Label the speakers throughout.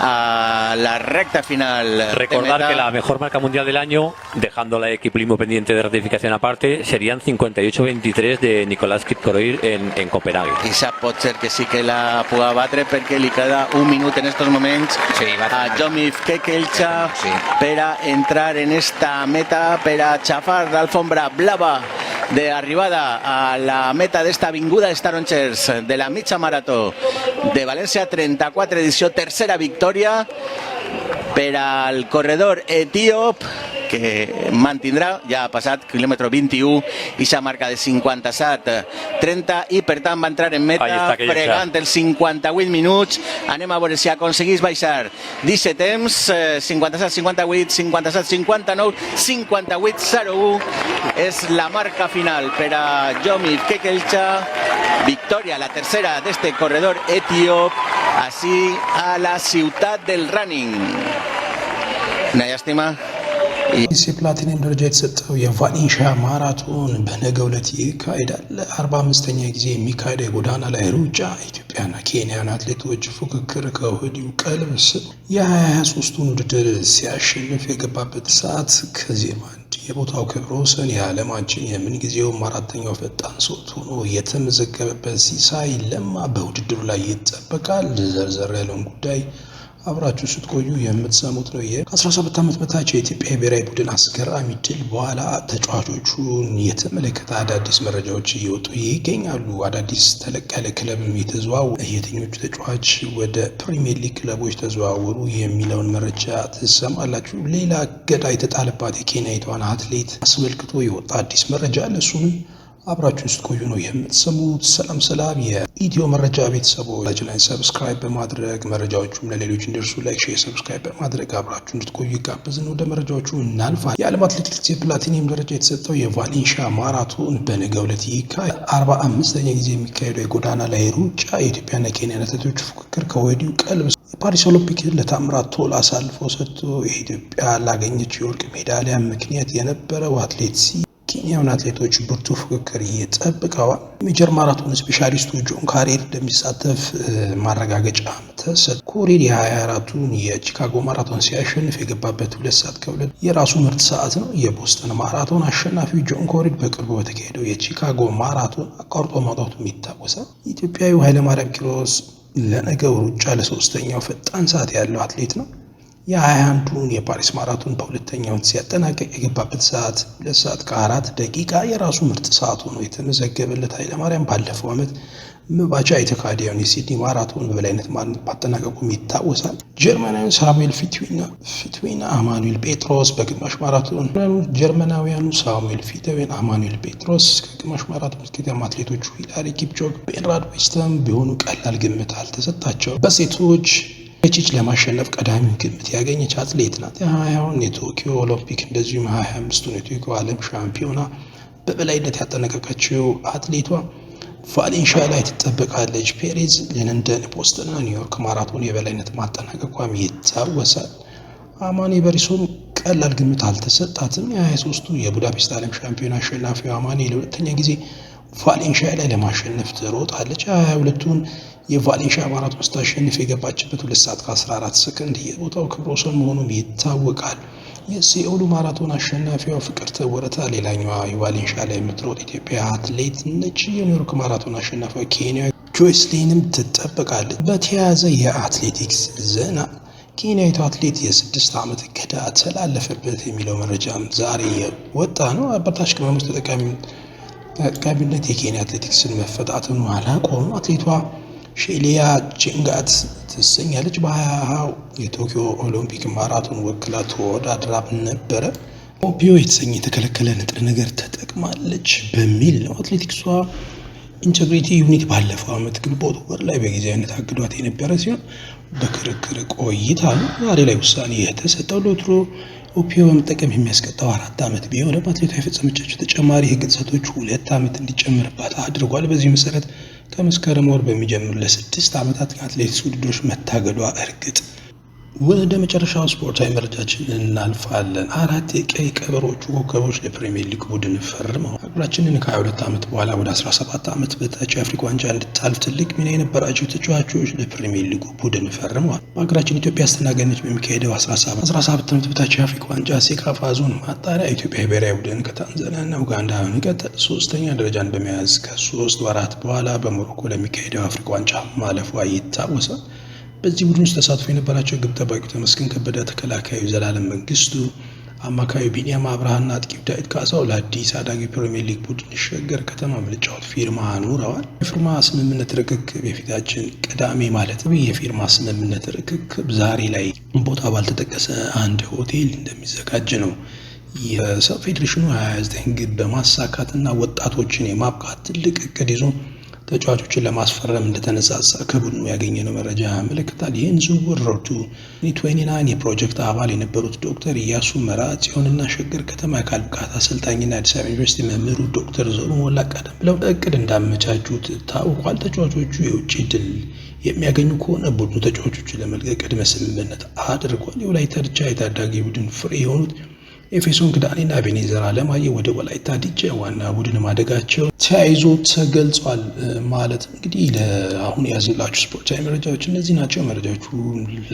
Speaker 1: a la recta final.
Speaker 2: Recordar que la mejor marca mundial del año, dejando la equipo pendiente de ratificación aparte, serían 58-23 de Nicolás Kipkorir en, en Copenhague.
Speaker 1: Quizá Potcher que sí que la puga batre porque le queda un minuto en estos momentos sí, a Jomif Kekelcha sí. entrar en esta meta Para chafar de alfombra blava de arribada a la meta de esta esta Staronchers eh, de la Micha marató de Valencia 34 edición. tercera victoria pero al corredor etíope. que mantindrà, ja ha passat quilòmetre 21 i s'ha marca de 57-30 i per tant va entrar en meta està, fregant els 58 minuts anem a veure si aconseguís baixar 17 temps, 57-58 57-59 58-01 és la marca final per a Jomi Kekelcha victòria, la tercera d'este corredor etíop així a la ciutat del running una llàstima
Speaker 3: ኢሲ ፕላቲኒየም ደረጃ የተሰጠው የቫሌንሺያ ማራቶን በነገ ዕለት ይካሄዳል። አርባ አምስተኛ ጊዜ የሚካሄደው የጎዳና ላይ ሩጫ ኢትዮጵያና ኬንያን አትሌቶች ፉክክር ከወዲሁ ቀልብ ስብ የ2023ቱን ውድድር ሲያሸንፍ የገባበት ሰዓት ከዜማ አንድ የቦታው ክብረ ወሰን የዓለማችን የምንጊዜውም አራተኛው ፈጣን ሶት ሆኖ የተመዘገበበት ሲሳይ ለማ በውድድሩ ላይ ይጠበቃል። ዘርዘር ያለውን ጉዳይ አብራችሁ ስትቆዩ የምትሰሙት ነው። ይህ ከ17 ዓመት በታች የኢትዮጵያ ብሔራዊ ቡድን አስገራሚ ድል በኋላ ተጫዋቾቹን የተመለከተ አዳዲስ መረጃዎች እየወጡ ይገኛሉ። አዳዲስ ተለቅ ያለ ክለብም የተዘዋወሩ የትኞቹ ተጫዋች ወደ ፕሪሚየር ሊግ ክለቦች ተዘዋወሩ የሚለውን መረጃ ትሰማላችሁ። ሌላ እገዳ የተጣለባት የኬንያዊቷን አትሌት አስመልክቶ የወጣ አዲስ መረጃ ለሱም አብራችሁ ስትቆዩ ነው የምትሰሙት። ሰላም ሰላም ኢትዮ መረጃ ቤተሰቦች ላይ ሰብስክራይብ በማድረግ መረጃዎቹም ለሌሎች እንዲደርሱ ላይክ፣ ሼር፣ ሰብስክራይብ በማድረግ አብራችሁ እንድትቆዩ ይጋበዝን። ወደ መረጃዎቹ እናልፋል። የዓለም አትሌቲክስ የፕላቲኒየም ደረጃ የተሰጠው የቫሌንሻ ማራቶን በነገ ዕለት ይካሄዳል። አርባ አምስተኛ ጊዜ የሚካሄደው የጎዳና ላይ ሩጫ የኢትዮጵያና ኬንያ አትሌቶች ፉክክር ከወዲሁ ቀልብ የፓሪስ ኦሎምፒክ ለታምራት ቶላ አሳልፎ ሰጥቶ የኢትዮጵያ ላገኘችው የወርቅ ሜዳሊያ ምክንያት የነበረው አትሌት ኬንያውን አትሌቶች ብርቱ ፉክክር ይጠብቀዋል። ሜጀር ማራቶን ስፔሻሊስቱ ጆን ካሬር እንደሚሳተፍ ማረጋገጫ ተሰጥ። ኮሪር የ24ቱን የቺካጎ ማራቶን ሲያሸንፍ የገባበት ሁለት ሰዓት ከሁለት የራሱ ምርጥ ሰዓት ነው። የቦስተን ማራቶን አሸናፊው ጆን ኮሪድ በቅርቡ በተካሄደው የቺካጎ ማራቶን አቋርጦ ማውጣቱም ይታወሳል። ኢትዮጵያዊ ኃይለማርያም ኪሮስ ለነገው ሩጫ ለሶስተኛው ፈጣን ሰዓት ያለው አትሌት ነው። የ21ዱን የፓሪስ ማራቶን በሁለተኛውን ሲያጠናቀቅ የገባበት ሰዓት ሁለት ሰዓት ከአራት ደቂቃ የራሱ ምርጥ ሰዓት ሆኖ የተመዘገበለት ኃይለማርያም ባለፈው ዓመት መባቻ የተካሄደውን የሲድኒ ማራቶን በበላይነት ማግኘት ማጠናቀቁም ይታወሳል። ጀርመናዊን ሳሙኤል ፊትዊና አማኑኤል ጴጥሮስ በግማሽ ማራቶን ጀርመናውያኑ ሳሙኤል ፊትዌን፣ አማኑኤል ጴጥሮስ ከግማሽ ማራቶን ስኬታማ አትሌቶቹ ሂላሪ ኪፕቾግ፣ ቤንራድ ዌስተም ቢሆኑ ቀላል ግምት አልተሰጣቸው። በሴቶች በቺች ለማሸነፍ ቀዳሚውን ግምት ያገኘች አትሌት ናት። የሀያውን የቶኪዮ ኦሎምፒክ እንደዚሁም ሀያ አምስቱን የቶኪዮ ዓለም ሻምፒዮና በበላይነት ያጠናቀቀችው አትሌቷ ቫሌንሻ ላይ ትጠበቃለች። ፔሬዝ የለንደን ቦስተንና ኒውዮርክ ማራቶን የበላይነት ማጠናቀቋም ይታወሳል። አማኒ በሪሶም ቀላል ግምት አልተሰጣትም። የ23ቱ የቡዳፔስት ዓለም ሻምፒዮና አሸናፊው አማኒ ለሁለተኛ ጊዜ ቫሌንሻ ላይ ለማሸነፍ ትሮጣለች። የ22ቱን የቫሌንሺያ በአራት ውስጥ አሸንፍ የገባችበት ሁለት ሰዓት ከ14 ሰከንድ የቦታው ክብረ ወሰን መሆኑም ይታወቃል። የሲኦሉ ማራቶን አሸናፊዋ ፍቅርተ ወረታ ሌላኛዋ የቫሌንሻ ላይ የምትሮጥ ኢትዮጵያ አትሌት ነች። የኒውዮርክ ማራቶን አሸናፊዋ ኬንያ ጆይስሊንም ትጠበቃለች። በተያያዘ የአትሌቲክስ ዘና ኬንያዊቱ አትሌት የስድስት ዓመት እገዳ ተላለፈበት የሚለው መረጃም ዛሬ ወጣ ነው። አበርታች ቅመሞች ተጠቃሚነት የኬንያ አትሌቲክስን መፈጣትን አላቆም አትሌቷ ሼሊያ ቼንጋት ትሰኛለች። በ2020 የቶኪዮ ኦሎምፒክ ማራቶን ወክላ ተወዳድራ ነበረ። ኦፒዮ የተሰኘ የተከለከለ ንጥረ ነገር ተጠቅማለች በሚል ነው። አትሌቲክሷ ኢንቴግሪቲ ዩኒት ባለፈው ዓመት ግንቦት ወር ላይ በጊዜያዊነት አግዷት የነበረ ሲሆን በክርክር ቆይታ ዛሬ ላይ ውሳኔ የተሰጠው ሎትሮ ኦፒዮ በመጠቀም የሚያስቀጣው አራት ዓመት ቢሆንም አትሌቷ የፈጸመቻቸው ተጨማሪ ሕግ ጥሰቶች ሁለት ዓመት እንዲጨምርባት አድርጓል። በዚህ መሰረት ከመስከረም ወር በሚጀምር ለስድስት ዓመታት ከአትሌቲክስ ውድድሮች መታገዷ እርግጥ ወደ መጨረሻው ስፖርታዊ መረጃችን እናልፋለን። አራት የቀይ ቀበሮች ኮከቦች ለፕሪሚየር ሊግ ቡድን ፈርመው አገራችንን ከ22 ዓመት በኋላ ወደ 17 ዓመት በታች የአፍሪካ ዋንጫ እንድታልፍ ትልቅ ሚና የነበራቸው ተጫዋቾች ለፕሪሚየር ሊጉ ቡድን ፈርመዋል። በሀገራችን ኢትዮጵያ አስተናጋጅነት በሚካሄደው 17 ዓመት በታች የአፍሪካ ዋንጫ ሴካፋ ዞን ማጣሪያ ኢትዮጵያ ብሔራዊ ቡድን ከታንዛኒያ ኡጋንዳ በመቀጠል ሶስተኛ ደረጃን በመያዝ ከሶስት ወራት በኋላ በሞሮኮ ለሚካሄደው አፍሪካ ዋንጫ ማለፏ ይታወሳል። በዚህ ቡድን ውስጥ ተሳትፎ የነበራቸው ግብ ጠባቂው ተመስገን ከበደ፣ ተከላካዩ ዘላለም መንግስቱ፣ አማካዩ ቢኒያም አብርሃና አጥቂው ዳዊት ካሳው ለአዲስ አዳጊ ፕሪሚየር ሊግ ቡድን ሸገር ከተማ መልጫወት ፊርማ ኑረዋል። የፊርማ ስምምነት ርክክብ የፊታችን ቅዳሜ ማለት ነው። የፊርማ ስምምነት ርክክብ ዛሬ ላይ ቦታ ባልተጠቀሰ አንድ ሆቴል እንደሚዘጋጅ ነው የፌዴሬሽኑ 29 ግብ በማሳካትና ወጣቶችን የማብቃት ትልቅ እቅድ ይዞ ተጫዋቾችን ለማስፈረም እንደተነሳሳ ከቡድኑ ያገኘነው መረጃ ያመለክታል። ይህን ዝውውር ሮቱ ኒ29 የፕሮጀክት አባል የነበሩት ዶክተር እያሱ መራ ጽዮንና ሸገር ከተማ የአካል ብቃት አሰልጣኝና አዲስ አበባ ዩኒቨርሲቲ መምህሩ ዶክተር ዘሩ ሞላ ቀደም ብለው እቅድ እንዳመቻቹት ታውቋል። ተጫዋቾቹ የውጭ ድል የሚያገኙ ከሆነ ቡድኑ ተጫዋቾቹን ለመልቀቅ ቅድመ ስምምነት አድርጓል። የወላይታ ድቻ የታዳጊ ቡድን ፍሬ የሆኑት ኤፌሶን ክዳኔና ቤኔዘር አለማየ ወደ ወላይታ ዲቻ ዋና ቡድን ማደጋቸው ተያይዞ ተገልጿል። ማለት እንግዲህ ለአሁን ያዝላችሁ ስፖርታዊ መረጃዎች እነዚህ ናቸው። መረጃዎቹ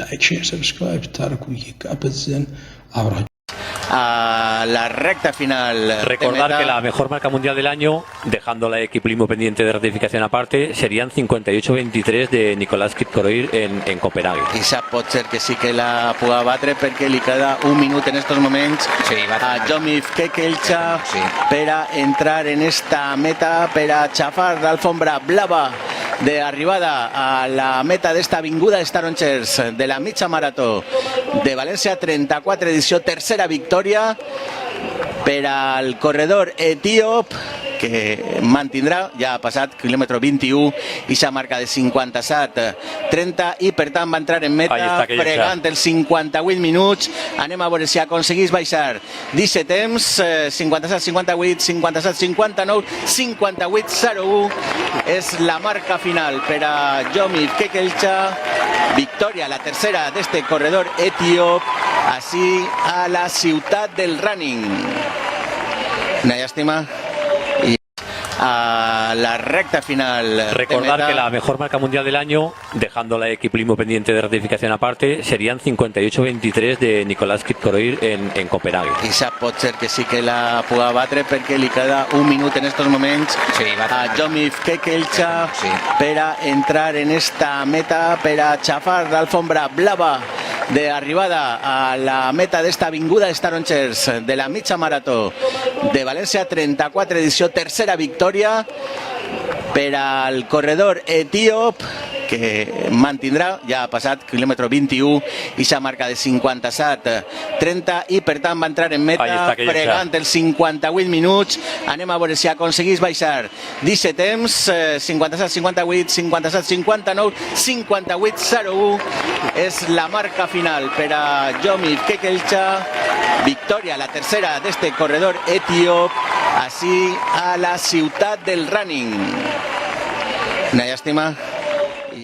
Speaker 3: ላይክ፣ ሼር፣ ሰብስክራይብ ታደርጉ እየጋበዝን አብራችሁ
Speaker 1: la recta final.
Speaker 2: Recordar que la mejor marca mundial del año, dejando la equilibrio pendiente de ratificación aparte, serían 58-23 de Nicolás Kipkorir en, en Copenhague.
Speaker 1: Isa Potser, que sí que la puga batre porque le queda un minuto en estos momentos sí, a Jomif Kekelcha para entrar en esta meta para chafar de alfombra blava de arribada a la meta de esta vinguda de la Micha marató de Valencia, 34 edición, tercera victoria pero al corredor etíope. que mantindrà, ja ha passat quilòmetre 21 i s'ha marca de 57-30 eh, i per tant va entrar en meta està, fregant els 58 minuts anem a veure si aconseguís baixar 17 temps, 57-58 57-59 58-01 és la marca final per a Jomi Kekelcha victòria, la tercera d'este corredor etíop així a la ciutat del running una llàstima a la recta final.
Speaker 2: Recordar que la mejor marca mundial del año, dejando la equipo pendiente de ratificación aparte, serían 58-23 de Nicolás Kipkorir en, en Copenhague.
Speaker 1: Quizá potser ser que sí que la a batre ...porque le queda un minuto en estos momentos... sí, a Jomif Kekelcha sí. entrar en esta meta ...para chafar de alfombra blava de arribada a la meta esta esta vinguda de la micha marató de Valencia, 34 edición, tercera victoria pero al corredor etíope. que mantindrà, ja ha passat quilòmetre 21 i s'ha marca de 57-30 i per tant va entrar en meta està, fregant els 58 minuts anem a veure si aconseguís baixar 17 temps, 57-58 57-59 58-01 és la marca final per a Jomi Kekelcha victòria, la tercera d'este corredor etíop així a la ciutat del running una llàstima